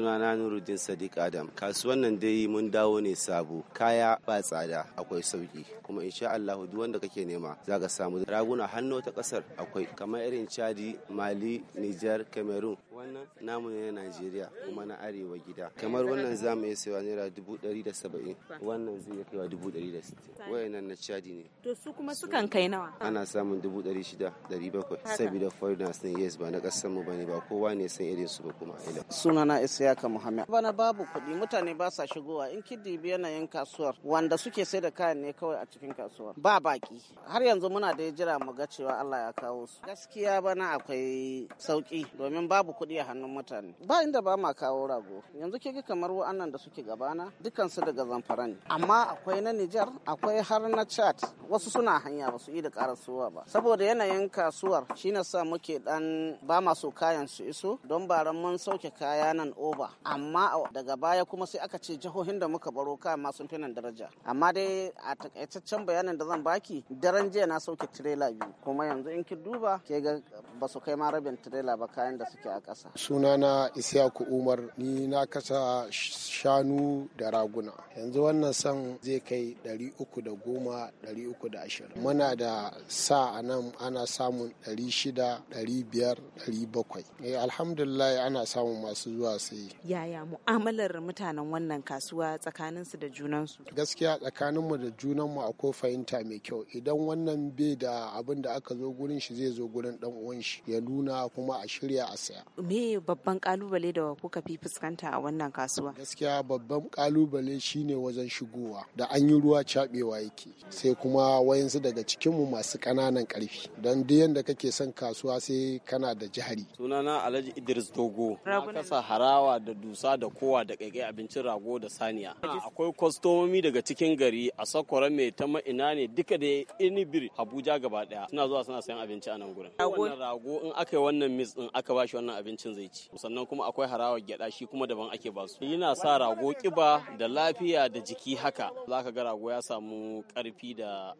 na nuruddin sadiq adam kasuwan nan dai mun dawo ne sabo kaya ba tsada akwai sauki kuma insha Allah duk wanda kake nema Za ka samu raguna hannu ta kasar akwai kamar irin chadi mali niger cameroon wannan namu ne na najeriya kuma na arewa gida kamar wannan za mu yi sayawa naira dubu ɗari da saba'in wannan zai iya kaiwa dubu ɗari da sittin wayannan na chadi ne to su kuma sukan kai nawa ana samun dubu ɗari shida ɗari bakwai Sabida foreigners ne yes ba na ƙasar mu ba ne ba kowa ne san irin su ba kuma ila sunana isa aka Muhammad. Bana babu kuɗi mutane ba sa shigowa in ki yanayin kasuwar wanda suke sai da kayan ne kawai a cikin kasuwar ba baki har yanzu muna da jira mu ga cewa Allah ya kawo su. Gaskiya bana akwai sauki domin babu kuɗi a hannun mutane. Ba inda ba ma kawo rago yanzu ke kamar wa'annan da suke gabana dukansu daga zamfara ne amma akwai na Nijar akwai har na Chad wasu suna hanya ba su yi da karasuwa ba saboda yanayin kasuwar shine sa muke dan ba masu kayan su iso don baran mun sauke kaya nan ba amma daga baya kuma sai aka ce jihohin da muka baro kayan ma sun daraja amma dai a takaitaccen bayanin da zan baki daren jiya na sauke tirela biyu kuma yanzu in ki duba ke ga ba su kai ma rabin tirela ba kayan da suke a ƙasa sunana isiyaku umar ni na kasa shanu da raguna yanzu wannan san zai kai ɗari ɗari uku uku da goma da ashirin. muna da sa a nan ana samun ɗari ɗari shida, biyar ɗari Eh alhamdulillah ana samun masu zuwa sai yi yaya mu'amalar mutanen wannan kasuwa tsakaninsu da junansu gaskiya tsakanin mu da junan mu akwai fahimta mai kyau idan wannan bai da abin da aka zo gurin shi zai zo gurin dan uwan shi ya nuna kuma a shirya a saya me babban kalubale da kuka fi fuskanta a wannan kasuwa gaskiya babban kalubale shine wajen shigowa da an yi ruwa cabewa yake sai kuma wayansu daga cikinmu masu ƙananan ƙarfi don duk yanda kake son kasuwa sai kana da jihari sunana alhaji idris dogo na kasa harawa da dusa da kowa da kaikai abincin rago da saniya akwai kwastomomi daga cikin gari a sakwara mai ta ma'ina ne duka da inibir abuja gaba daya suna zuwa suna sayan abinci a nan gurin wannan rago in aka yi wannan mis din aka ba shi wannan abincin zai ci sannan kuma akwai harawa gyada shi kuma daban ake ba su yana sa rago kiba da lafiya da jiki haka zaka ga rago ya samu karfi da